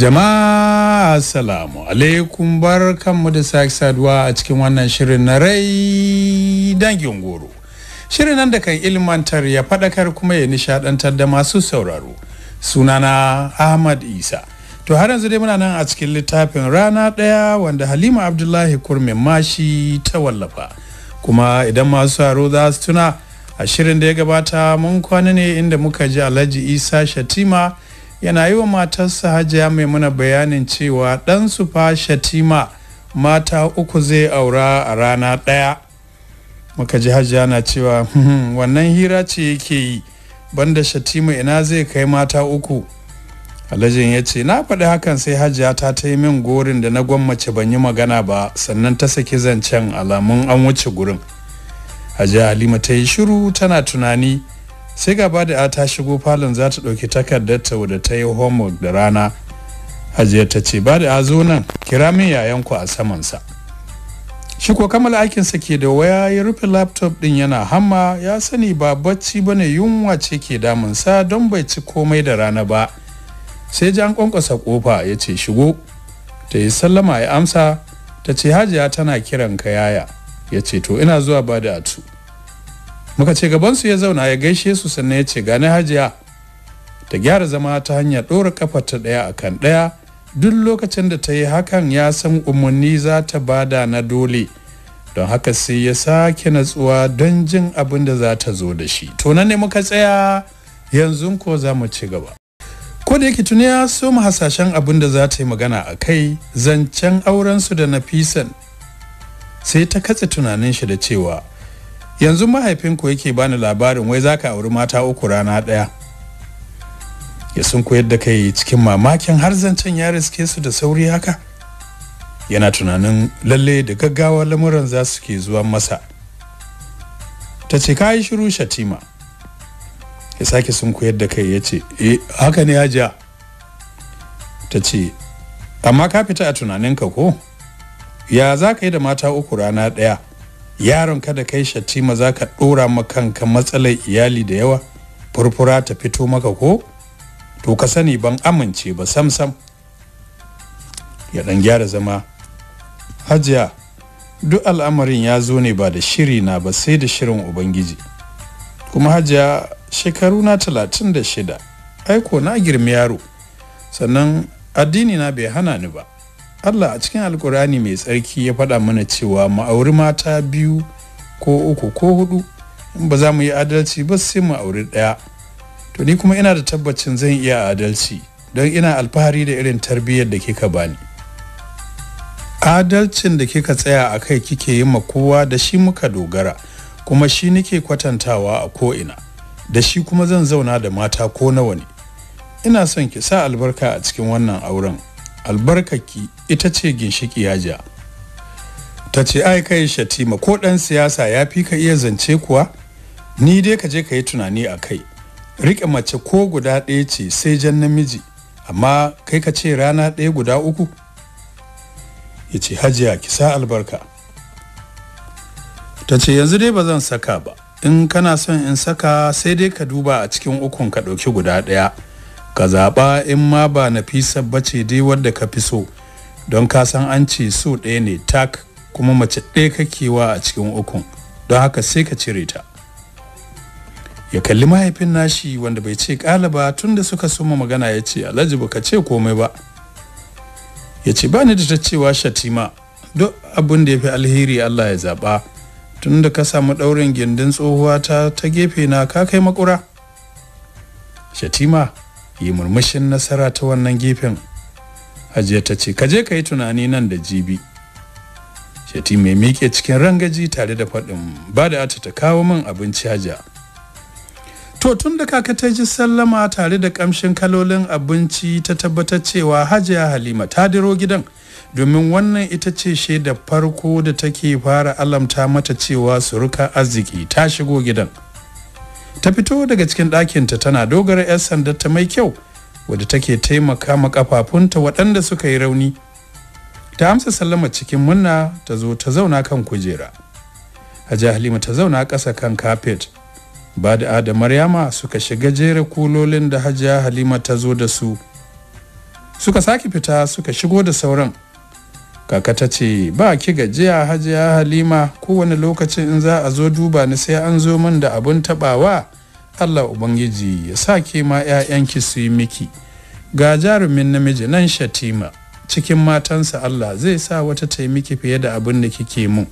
Jama'a Assalamu alaikum bar kanmu da sake saduwa a cikin wannan shirin na rai dangin goro. Shirin nan da kan ilmantar ya faɗakar kuma ya nishadantar da masu sauraro. Sunana Ahmad Isa. To har yanzu dai muna nan a cikin littafin rana daya wanda Halima Abdullahi Kurmin Mashi ta wallafa. Kuma idan masu saro za su tuna a shirin da ya gabata mun kwana ne inda muka ji Alhaji Isa Shatima. yana yi wa matarsa hajiya mai muna bayanin cewa ɗansu fa shatima mata uku zai aura a rana ɗaya muka ji hajiya na cewa hmm, wannan hira ce yake yi banda shatima ina zai kai mata uku alhajin ya ce na faɗi hakan sai hajiya ta ta yi min gorin da na gwammace ban yi magana ba sannan ta saki zancen alamun an wuce gurin hajiya halima ta yi shiru tana tunani sai gaba da ta shigo falon za ta ɗauki takardar ta wadda ta yi homework da rana hajiya ta ce ba da zo nan kira min yayan ku a samansa shi ko kammala aikinsa ke da waya ya rufe laptop din yana hamma ya sani ba bacci ba ne yunwa ce ke damunsa don bai ci komai da rana ba sai ji an kwankwasa kofa ya ce shigo ta yi sallama ya amsa ta ce hajiya tana kiran ka yaya ya ce to ina zuwa ba da atu muka ce gabansu ya zauna ya gaishe su sannan ya ce gane hajiya ta gyara zama ta hanyar ɗora kafa ta ɗaya a kan ɗaya duk lokacin da ta yi hakan ya san umarni za ta bada na dole don haka sai ya sake natsuwa don jin abin da za ta zo da shi to nan ne muka tsaya yanzu ko za mu ci gaba ko da yake tuni ya so mu hasashen abin da za ta yi magana a kai zancen aurensu da nafisan sai ta katse tunanin shi da cewa yanzu mahaifinku yake bani labarin wai zaka auri mata uku rana ɗaya ya sun koyar da kai cikin mamakin har zancen ya riske su da sauri haka yana tunanin lalle da gaggawa lamuran za su ke zuwa masa ta ce ka yi shiru shatima ya sake sun koyar da kai ya ce eh haka ne hajiya ta ce amma ka fita a tunaninka ko ya za ka yi da mata uku rana ɗaya yaron ka da kai shatima za ka ɗora makanka matsalar iyali da yawa furfura ta fito maka ko to ka sani ban amince ba samsam ya dan gyara zama hajiya duk al'amarin ya zo ne ba da shiri na ba sai da shirin ubangiji kuma hajiya shekaru na talatin da shida aiko na girme yaro sannan addini na bai hana ni ba Allah a cikin alkurani mai tsarki ya faɗa mana cewa mu auri mata biyu ko uku ko hudu in ba za mu yi adalci ba sai mu auri ɗaya to ni kuma ina da tabbacin zan iya adalci don ina alfahari da irin tarbiyyar da kika bani adalcin da kika tsaya a kai kike yi ma kowa da shi muka dogara kuma shi nike kwatantawa a ko'ina da shi kuma zan zauna da mata ko nawa ne ina son ki sa albarka a cikin wannan auren albarkaki ita ce ginshiki yaja ta ce ai kai shatima ko dan siyasa ya fi ka iya zance kuwa ni dai ka je ka yi tunani a kai Rike mace ko guda ɗaya ce sai jan namiji amma kai ka ce rana ɗaya guda uku ya ce hajiya ki sa albarka ta ce yanzu dai ba zan saka ba in kana son in saka sai dai ka duba a cikin ukun ka ɗauki guda ɗaya ka zaɓa in ma ba na nafisa bace dai wadda ka fi so don ka san an ce so ɗaya ne tak kuma mace ɗaya kakewa a cikin ukun don haka sai ka cire ta ya kalli mahaifin nashi wanda bai ce ƙala ba tun da suka suma magana ya ce alhaji ba ka ce komai ba ya ce ba ni da ta cewa shatima duk abin da ya fi alheri allah ya zaɓa tun da ka samu ɗaurin gindin tsohuwa ta ta gefe na ka kai makura shatima yi murmushin nasara ta wannan gefen hajiya ta ce kaje ka yi tunani nan da jibi Shati mai miƙe cikin rangaji tare da faɗin ba da ata ta kawo min abinci hajiya to tun da kaka ta ji sallama tare da ƙamshin kalolin abinci ta tabbatar cewa hajiya halima ta diro gidan domin wannan ita ce shaidar farko da take fara alamta mata cewa suruka arziki ta shigo gidan ta fito daga cikin ɗakinta tana dogara 'yar sandar ta mai kyau wadda take taimaka ma kafafunta waɗanda suka yi rauni ta amsa sallama cikin munna ta zo ta zauna kan kujera hajji halima ta zauna ƙasa kan kafet ba da da maryama suka shiga jere kulolin da Hajiya halima ta zo da su suka sake fita suka shigo da sauran kaka ta ce ba ki gajiya hajiya halima kowane lokacin in za a zo duba ni sai an zo min da abun tabawa allah ubangiji ya sa ke ma 'ya'yanki su yi miki ga jarumin namiji nan shatima cikin matansa allah zai sa wata ta miki fiye da abin da kike mun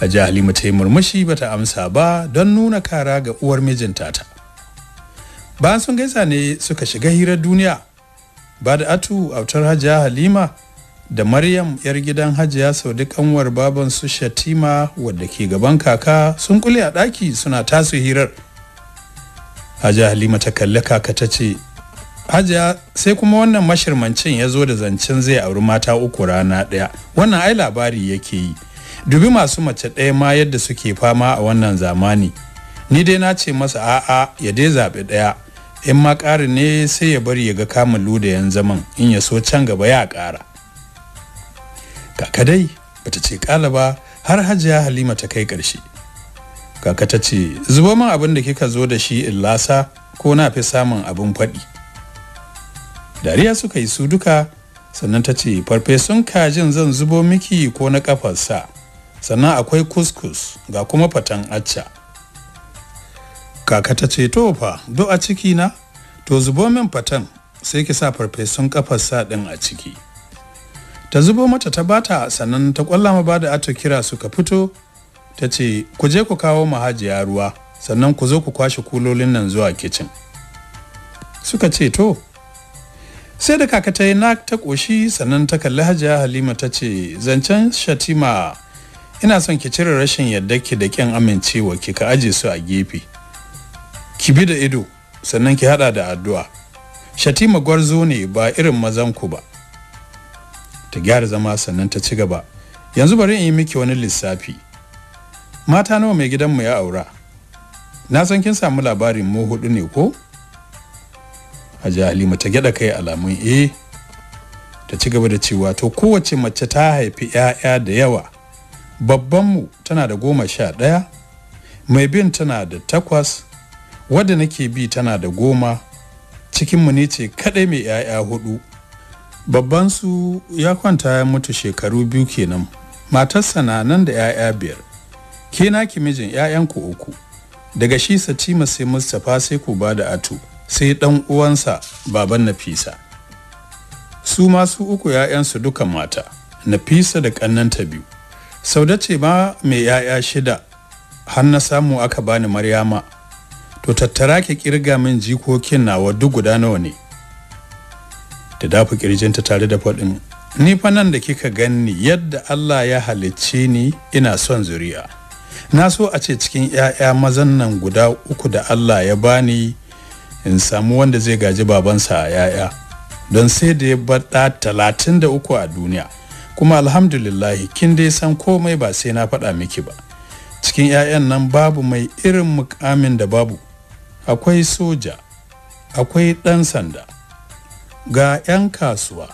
hajiya halima ta yi murmushi ba ta amsa ba don nuna kara ga uwar mijinta ta bayan sun gaisa ne suka shiga hirar duniya ba da atu autar hajiya halima da maryam yar gidan hajiya saudi kanwar baban su shatima wadda ke gaban kaka sun kule a ɗaki suna tasu hirar hajiya halima ta kalli kaka ta ce hajiya sai kuma wannan mashirmancin ya zo da zancen zai auri mata uku rana ɗaya wannan ai labari yake yi dubi masu mace ɗaya ma yadda suke fama a wannan zamani ni dai na ce masa a'a ya dai zaɓi ɗaya in ma ƙari ne sai ya bari ya ga kamun ludayen zaman in ya so can gaba ya ƙara kaka dai bata ce kala ba har hajiya halima ta kai ƙarshe kaka ta ce zubo min abin da kika zo da shi in lasa ko na fi samun abin faɗi dariya suka yi su duka sannan ta ce farfesun kajin zan zubo miki ko na ƙafarsa sannan akwai kuskus ga kuma fatan acca kaka ta ce to fa do a ciki na to zubo min fatan sai ki sa farfesun ƙafarsa ɗin a ciki ta zubo mata ta bata sannan ta kwalla ma bada ato kira suka fito ta ce ku je ku kawo mahajiya ruwa sannan ku zo ku kwashe kulolin nan zuwa kicin suka ce to sai da kaka ta na ta koshi sannan ta kalli hajiya halima ta ce zancen shatima ina son ki cire rashin yadda ki da kyan amincewa ki ka aje su a gefe ki bi da ido sannan ki hada da addu'a shatima gwarzo ne ba irin mazan ku ba ta gyara zama sannan ta ci gaba yanzu bari in yi miki wani lissafi mata nawa mai gidanmu ya aura na san kin samu labarin mu hudu ne ko Hajji Halima ta gyada kai alamun eh ta ci gaba da cewa to kowace mace ta haifi 'ya'ya da yawa babban mu tana da goma sha ɗaya mai bin tana da takwas wadda nake bi tana da goma cikinmu ne ce kaɗai mai 'ya'ya hudu babban su ya kwanta ya mutu shekaru biyu kenan matarsa na nan da 'ya'ya biyar ke naki mijin 'ya'yanku uku daga shi satima sai mustapha sai ku ba da atu sai dan uwansa baban nafisa su ma su uku 'ya'yansu duka mata nafisa da ƙannanta biyu sauda ce ma mai 'ya'ya shida har na samu aka bani maryama to tattara ki kirga min jikokin nawa duk guda nawa ne da dafa kirjinta tare da faɗin ni fa nan da kika ganni yadda Allah ya halicce ni ina son zuriya na so a ce cikin 'ya'ya mazan nan guda uku da Allah ya bani in samu wanda zai gaji babansa a 'ya'ya don sai da ya baɗa talatin da uku a duniya kuma alhamdulillahi kin dai san komai ba sai na faɗa miki ba cikin 'ya'yan nan babu mai irin mukamin da babu akwai soja akwai ɗan sanda ga 'yan kasuwa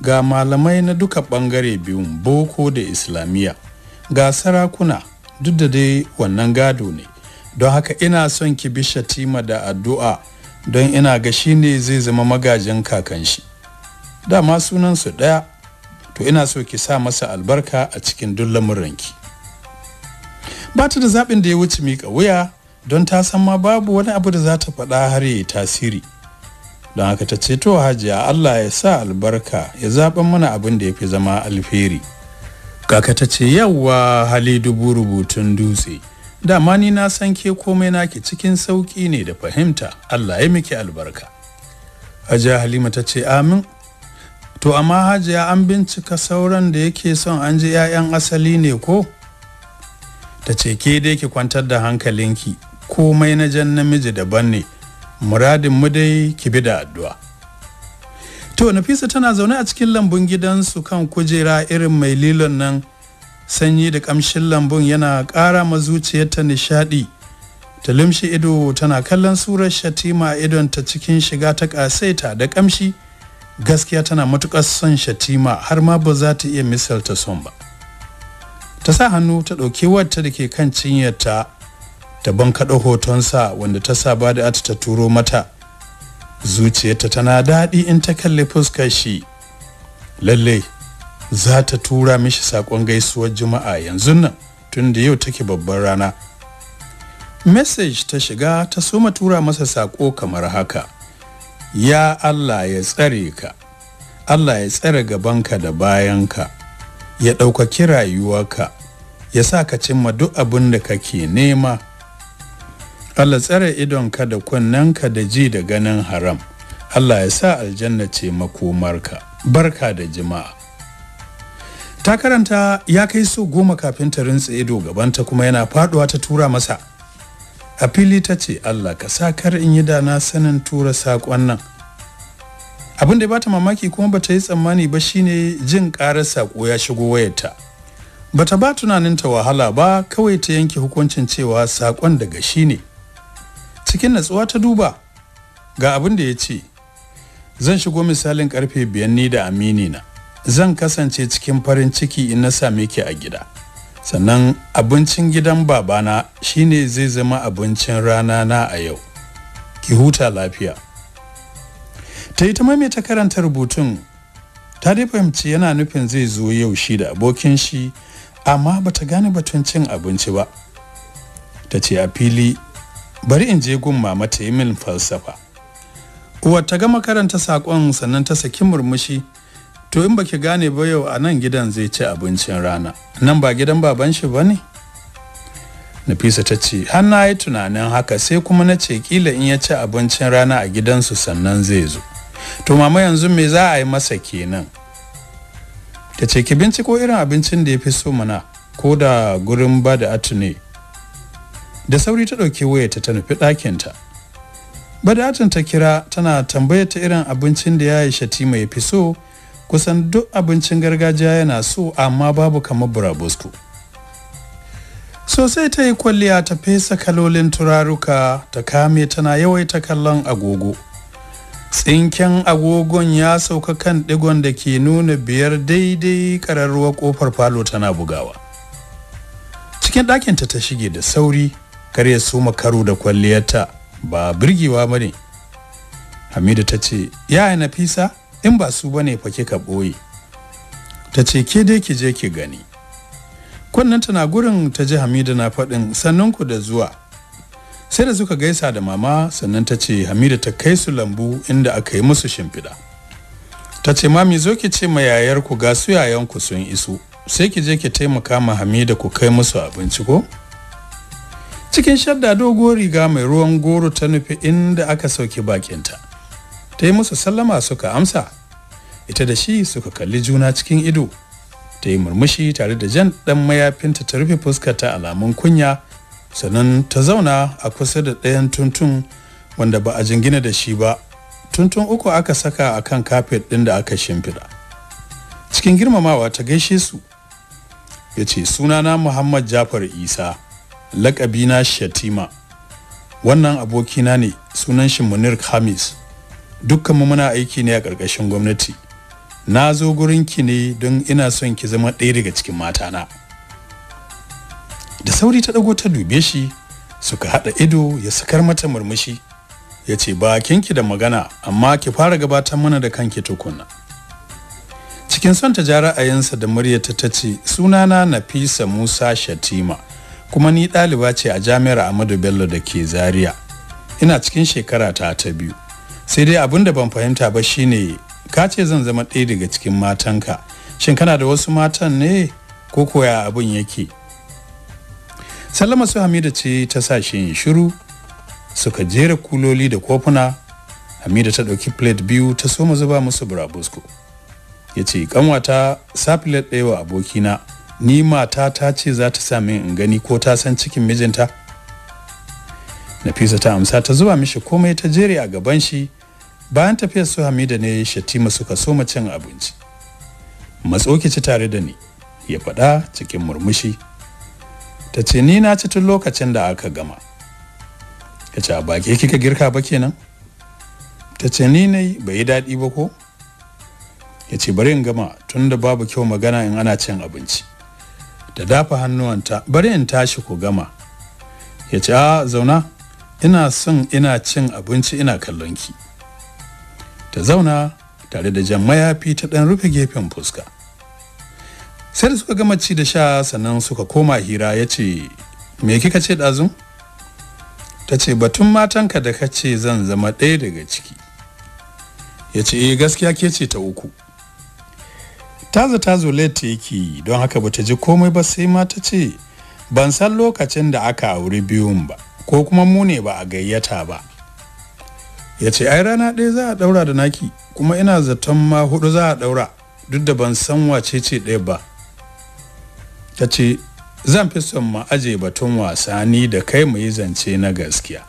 ga malamai na duka bangare biyun boko da islamiyya ga sarakuna duk da dai wannan gado ne don haka ina son ki bi shatima da addu'a don ina ga shi ne zai zama magajin kakan shi dama sunansu ɗaya to ina so ki sa masa albarka a cikin duk lamuranki ba ta da zaɓin da ya wuce miƙa wuya don ta san ma babu wani abu da za ta faɗa har ya tasiri don haka ta ce to hajiya allah ya sa albarka ya zaɓa mana abin da ya fi zama alfiri kaka ta ce yawwa hali dubu rubutun dutse dama ni na san ke komai naki cikin sauƙi ne da fahimta allah ya miki albarka hajiya halima ta ce amin to amma hajiya an bincika sauran da yake son an ji 'ya'yan asali ne ko ta ce ke dai ki kwantar da hankalinki komai na jan namiji daban ne muradin mu dai ki bi da addu'a to nafisa tana zaune a cikin lambun gidansu kan kujera irin mai lilon nan sanyi da kamshin lambun yana ƙara ma zuciyarta nishaɗi ta limshi ido tana kallon surar shatima idon ta cikin shiga ta ƙasaita da ƙamshi gaskiya tana matukar son shatima har ma ba za ta iya misalta son ba ta sa hannu ta ɗauki wata da ke kan cinyarta ta bankaɗo hotonsa wanda ta sa ba da ta turo mata zuciyarta tana daɗi in ta kalli fuskar shi lalle za ta tura mishi saƙon gaisuwar juma'a yanzu nan tun da yau take babban rana message ta shiga ta soma tura masa saƙo kamar haka ya allah ya tsare ka allah ya tsare gabanka da bayanka ya ɗaukaki rayuwarka ya sa ka cimma duk abin da kake nema Allah tsare idonka da ka da ji da ganin haram. Allah ya sa aljanna ce makomarka. Barka da jima'a. Ta karanta ya kai so goma kafin ta rintsa ido gabanta kuma yana faduwa ta tura masa. A fili ta ce Allah ka sa kar in yi dana sanin tura saƙon nan. Abin da ya bata mamaki kuma bata yi tsammani ba shine jin ƙarar sako ya shigo wayarta. Bata ba tunaninta wahala ba kawai ta yanke hukuncin cewa saƙon daga shi ne. cikin natsuwa ta duba ga abin da ya ce zan shigo misalin karfe biyan ni da amini na zan kasance cikin farin ciki in na same ki a gida sannan abincin gidan babana shine zai zama abincin rana na a yau ki huta lafiya ta yi ta maimaita karanta rubutun ta dai fahimci yana nufin zai zo yau shi da abokin shi amma bata gane batun cin abinci ba ta ce a fili bari in je gun mama ta yi min falsafa uwar ta ga karanta saƙon sannan ta saki murmushi to in baki gane ba yau a nan gidan zai ci abincin rana nan ba gidan baban shi ba ne nafisa ta ce har na yi tunanin haka sai kuma na ce kila in ya ci abincin rana a gidansu sannan zai zo to mama yanzu me za a yi masa kenan ta ce ki binciko irin abincin da ya fi so mana ko da gurin ba da atu da sauri ta ɗauki wayarta ta nufi ɗakinta badatin ta kira tana tambaya ta irin abincin da ya yi shati mai fi so kusan duk abincin gargajiya yana so amma babu kamar burabusku sosai ta yi kwalliya ta fesa kalolin turaruka ta kame tana yawaita kallon agogo tsinken agogon ya sauka kan digon da ke nuna biyar daidai ƙararruwar kofar falo tana bugawa cikin ɗakinta ta shige da sauri kar ya suma karo da kwalliyarta ba birgewa ba ne hamida ta ce yaya nafisa in ba su bane fa kika ɓoye ta ce ke dai ki je ki gani Kunnan tana gurin ta ji hamida na faɗin sannan ku da zuwa sai da suka gaisa da mama sannan ta ce hamida ta kai su lambu inda aka yi musu shimfiɗa ta ce mami zo ki ce ma yayarku ga su yayanku sun iso sai ki je ki taimaka ma hamida ku kai musu abinci ko cikin shadda dogon riga mai ruwan goro ta nufi inda aka sauke bakinta ta yi musu sallama suka amsa ita da shi suka kalli juna cikin ido ta yi murmushi tare da jan ɗan mayafinta ta rufe fuska ta alamun kunya sannan ta zauna a kusa da ɗayan tuntun wanda ba a jingina da shi ba tuntun uku aka saka a kan kafet ɗin da aka shimfiɗa cikin girmamawa ta gaishe su ya ce sunana muhammad jafar isa lakabina shatima wannan abokina ne sunan shi munir Dukkan mu muna aiki ne a ƙarƙashin gwamnati na zo ki ne don ina son ki zama ɗaya daga cikin matana da sauri ta ɗago ta dube shi suka haɗa ido ya sakar mata murmushi ya ce bakinki da magana amma ki fara gabatar mana da kanki tukunna cikin son ta ja ra'ayinsa da muryarta ta ce sunana nafisa musa shatima kuma ni ɗaliba ce a jami'ar Ahmadu Bello da ke Zaria. Ina cikin shekara ta ta biyu. Sai dai abin da ban fahimta ba shine ka ce zan zama ɗaya daga cikin matanka. Shin kana da wasu matan ne ko koya abin yake? Sallama su Hamida ce ta sa shi yin shiru suka jera kuloli da kofuna. Hamida ta ɗauki plate biyu ta soma zuba musu burabusko. Ya ce, "Kanwata, sa plate ɗaya wa abokina." ni mata ta ce za ta sami in gani ko ta san cikin mijinta nafisa ta amsa ta zuba mishi komai ta jere a gaban shi bayan tafiyar su hamida ne shatima suka soma cin abinci matsokici tare da ni ya faɗa cikin murmushi ta ce ni na ci tun lokacin da aka gama ya ce a baki kika girka ba kenan ta ce ni ne bai yi daɗi ba ko ya ce bari in gama tun da babu kyau magana in ana cin abinci da dafa hannuwanta bari in tashi ku gama ya ce a zauna ina son ina cin abinci ina kallon ki ta zauna tare da jan mayafi ta ɗan rufe gefen fuska sai da suka gama ci da sha sannan suka koma hira ya ce me kika ce ɗazun ta ce batun matanka da ka ce zan zama ɗaya daga ciki ya ce eh, gaskiya ke ce ta uku taza zo late yake don haka bata ji komai ba sai ma ta ce ban san lokacin da aka auri biyun ba ko kuma mu ne ba a gayyata ba ya ce ai rana ɗaya za a ɗaura da naki kuma ina zaton ma hudu za a ɗaura duk da ban san wace ce ɗaya ba ta ce zan fi son ma aje batun wasa ni da kai mu yi zance na gaskiya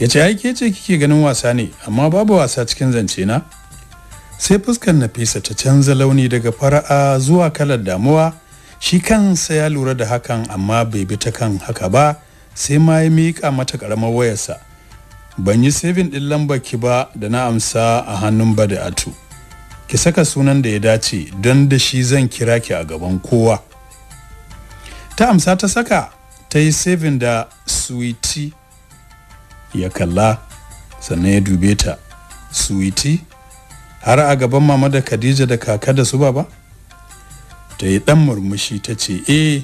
ya ce ai ke ce kike ganin wasa ne amma babu wasa cikin zance na sai fuskar nafisa ta canza launi daga fara'a zuwa kalar damuwa shi kansa ya lura da hakan amma bai bi ta kan haka ba sai ma ya miƙa mata ƙaramar wayarsa ban yi saving ɗin lambar ki ba da na amsa a hannun ba da atu ki saka sunan da ya dace don da shi zan kira ki a gaban kowa ta amsa ta saka ta yi saving da suwiti ya kalla sannan ya dube ta suwiti har a gaban mama da khadija da kaka da su baba ta yi dan murmushi ta ce eh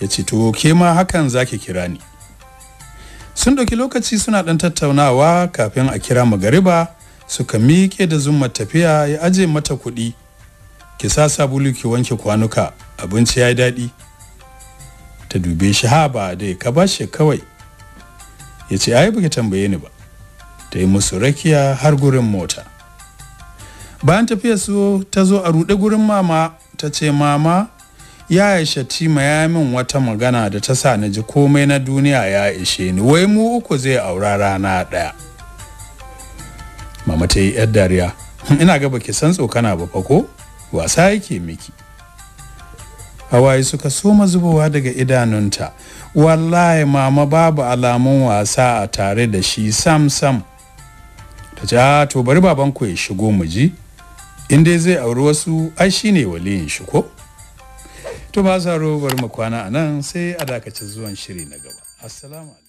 ya ce to ke ma hakan zaki kira ni sun ɗauki lokaci suna ɗan tattaunawa kafin a kira magariba suka miƙe da zuma tafiya ya aje mata kuɗi ki sa sabulu ki wanke kwanuka abinci ya yi daɗi ta dube shi ha ba dai ka ba shi kawai ya ce ai baki tambaye ni ba ta yi musu rakiya har gurin mota bayan tafiya su ta zo a rude gurin mama ta ce mama ya aisha ma ya min wata magana da ta sa na ji komai na duniya ya ishe ni wai mu uku zai aura rana ɗaya mama ta yi yar dariya hm, ina ga baki san tsokana ba fa ko wasa yake miki hawaye suka soma zubowa daga idanunta wallahi mama babu alamun wasa a tare da shi sam sam ta ce ah, to bari babanku ya shigo mu ji in dai zai auri wasu ai shine waliyin shi ko to ba za mu kwana anan sai a dakacin zuwan shiri na gaba assalamu